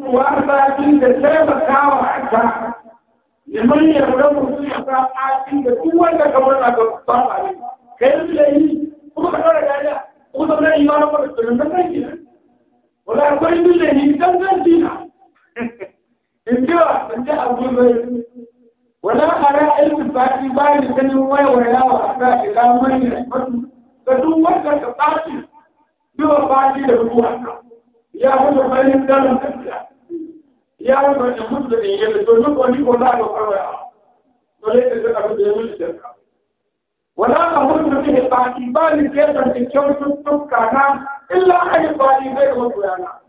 wasaƙi da taimakawa haka liman yarda mutum ya sa ƙaƙi da duk wanda ka wanda ka ba a ne ka yi da yi kuma ka ɗaura dariya kuma zan yi mana kwada tsirin da kan gina wala akwai yi da yi kan zan gina in ji wa in ji abu zai wala a ra'ayin zaƙi ba ni ganin waiwayawa a sa ila manyan mutum da duk wanda ka ɓaci biwa ɓaci da ruwa ya hudu bayan dalin tafiya ya yi mai mutu da ɗin yadda to duk wani ko za ka fara ya dole ka ga abu da ya mutu da ka wala ka mutu da ɗin ba ki ba ni ke da ɗin kyautu tukka na illa a yi ba ni zai mutu ya na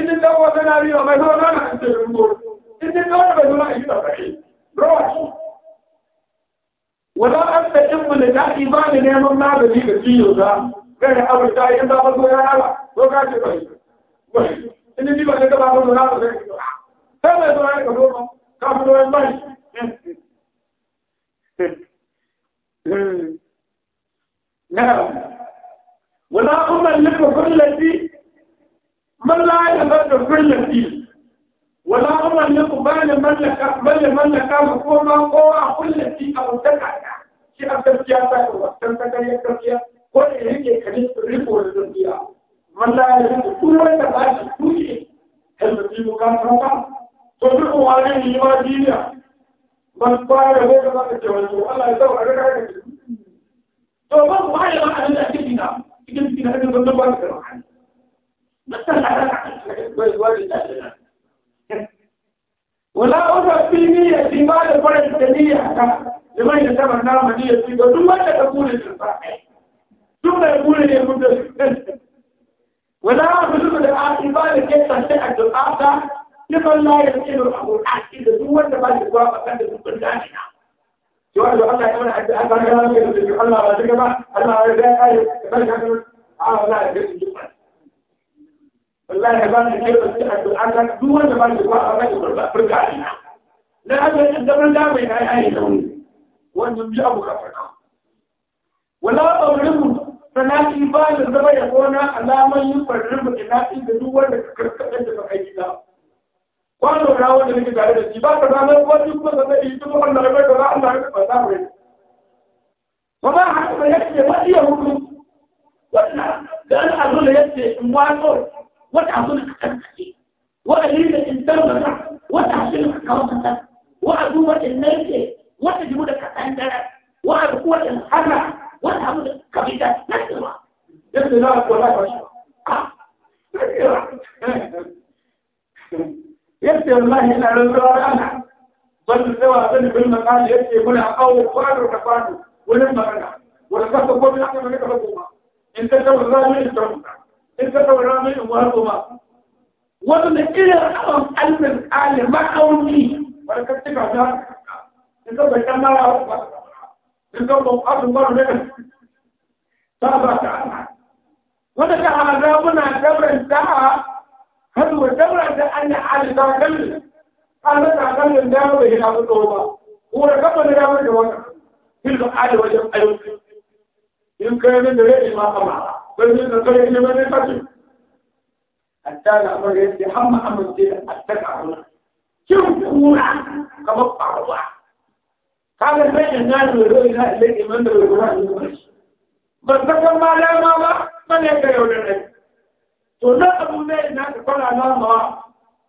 in da wata na riwa mai zuwa na na ce da rubo in da wata mai zuwa yi da kai rawa wala an da ɗin mu da daɗi ba ni neman magani da ciwo za gani abu da ya zama zuwa ya na ba ko ka ce bai in da ni ba ka gaba ba zuwa na ba zai Tẹ́lẹ̀ tó rẹ̀ kò lórọ̀, káàkiri rẹ̀ báyìí. Náà, wọ́n náà kún mẹ́ lè kòkó lẹ́tí, mọ́ láàyè mẹ́ kòkó lẹ́tí. Wọ́n náà kún mẹ́ lè kò báyìí mallaka mu koma kowa kullaki a wutaka ta. Shi a gaskiya ta yi wasan ta karya gaskiya, ko da yake kanin riko da zurfiya. Mallaka ya riko, kuma wanda ba shi tuke, helmeti mu kan kanka, تطلق عليه ما دينا من قال هو كما تجوزه الله يسوع عليك عليك فمن ضيع عن أهلنا تجد في هذا المنزل بارك الله عنه مثل على ولا أرى في نية ما لفرد تنية لمن يتبع نعم نية فيك ثم تقول الصحيح ثم يقول لي المدرس ولا أخذ من الآخر بالك يتحسن الدعاء لمن لا يمكن القرآن إذا هو الذي يقوى فكان يكون ذلك سؤال الله يقول أنت أنت أنا الله لا تجمع الله لا يجمع آه لا يجمع الله يبان كيف القرآن هو الذي يقوى فكان يكون ذلك لا أدري أنت من لا بين أيديهم وأنتم جابوا كفركم ولا أولكم فناتي بال الزبا يقولنا على من يفرق بناتي بدون ذكر كذا كذا kwano na wanda nake tare da shi ba ka zama wani kuma sannan yi kuma wanda ya kaza Allah ya kaza ba ne ba ba haka da yake ba iya hudu wannan da an azu da yake in wano wata azu da kankace wa alila in tarba wata azu da kawata wa azu wa in nake wata jibu da katandara wa azu wa in harra wata azu da kabida nasirwa yadda na a kula da shi ah يأتي والله إلا رزوار أنا ظل سوى ظل في المقال يأتي هنا أو قادر كفاني ولما أنا ولقد قلت لك من يتفقهما إن تتوى الرامي إنترمك إن تتوى الرامي أمهرهما وضن إلى أم ألف الآل ما أوني ولقد تبع ذلك إن تتوى كما أفضل إن تتوى أفضل مرة تابع تعالى ودك على رابنا جبرا تعالى wato dabra da an yi alƙaƙal an da ƙaƙalin da bai yana fito ba kuma kafa da damar da wannan hilba ali wajen ayyuka in kai min da rai ma kama bai min da kai ne mai kace hatta da amar ya ce hamma amar ce a taka ruwa kin kura kamar faruwa kaga sai in na da rai na ilai iman da rai ba ban san ma dama ba ban yadda yau da rai to na abu ne na ka na ma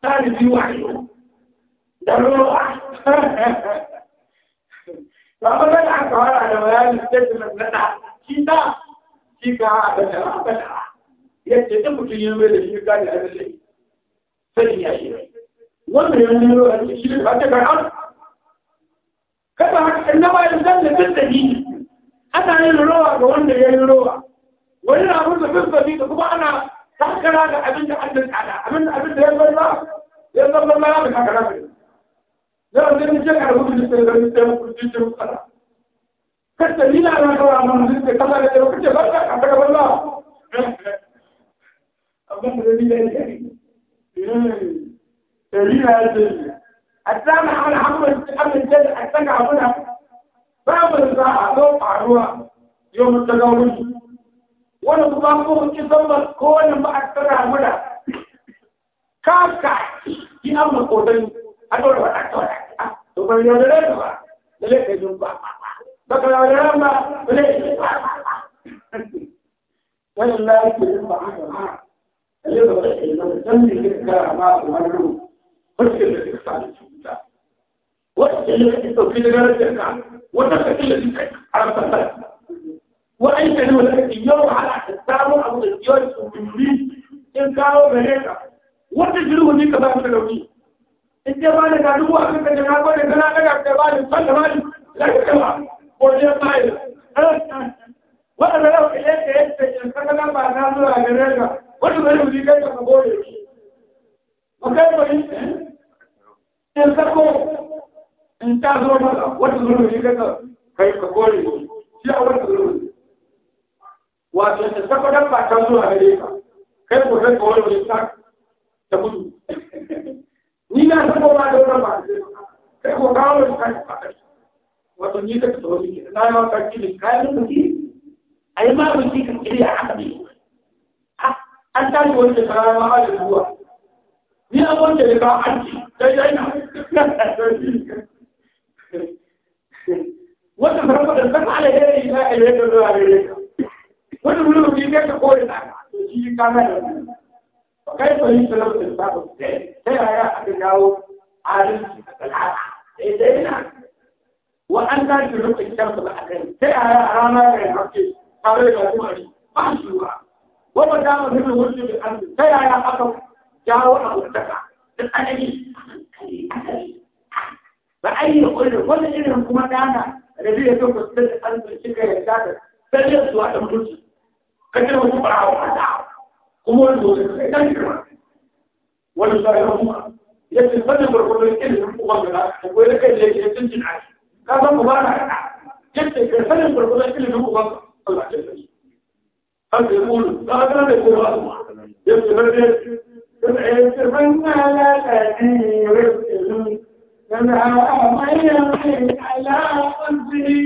talibi wayo da ruwa ba ba da aka fara da bayanin statement na da shi da shi ka haɗa da haɗa da yadda ɗin mutum yin mai da shi gani a rashin sanin ya shi rai na na takara da abin da Allah tsada abin da abin da ya zama ya zama ma da takara ne da ne ne ke karbu da sai da sai ku ji ku tsada kace ni na ran kawa mun ji ka kama da ku ce barka ka daga balla abin da ni ne ne eh ni na ce السامع على حمل الحمل الجد السمع هنا باب الزاعة لو عروة يوم التجاوز wani kuma ko ci zamba ko wani ba a tsara mura kaka ina mu kodan a dole ba a tsara to ban yau da rai ba da lai kai jin ba ba ka yau da rai ba da lai kai ba wani lai kai jin ba a ba da lai ba da kai ba dan ne ke kara ma a wannan barkin da ke sa da cuta wata ke yi da ke sauki da garin ka wata ka ke yi da ke kai a rasa وأنت لو اليوم على التعامل أو الزيارة والتمرين إن كانوا بهيك وتجربة دي كذا تلوي إنت ما نقدروا أكيد إن أنا بقول إن أنا قاعد أتبالي صل مالي لا كذا ولا مايل وأنا لو إليك إنت إن كذا ما بعدنا ولا غيرك وتجربة دي كذا بقول وكيف أنت إن كذا إن كذا ولا وتجربة دي كذا كيف بقول شيء أول wato ta sakwadon ba ta zuwa gare ka kai ko ranka wani wani sa ta gudu ni na san kowa da wannan ba kai ko kawo wani sa ta kai wato ni ka tsoro ki na yawa ka ki kai mun ki ai ma mun ki kan kiriya haka ne an tashi wani da tsara ma da zuwa ni an wanda da ka an ci dai dai na wannan farko da saka alheri ya alheri da zuwa gare ka wani mulkin yi kai ka kore na to shi yi kama da wani ba kai to yi talautar ba ba ta yaya aka dawo adalci a tsala'a sai dai na wa an ta ji rufin kyarsa ba a kai ta yaya a rana da ya haske tare da kuma shi ba shi ba wata dama ta bi wurin da an ta yaya aka jawo a wutaka da tsanani ba a yi ƙulli wani irin kuma dana da zai yi kan kusurin da an zuci ga yadda da sai yi suwa da mutunci 跟这个不打我们打，我们有谁干什么？我就说要么，也是反正我我们跟人不管了，为了跟人也真进来，刚刚不管了，也是反正我我们跟人不管，不管这个。他给我们，他刚才给我们，也是反正。فأسرن على كثير منها ما يملك على قلبه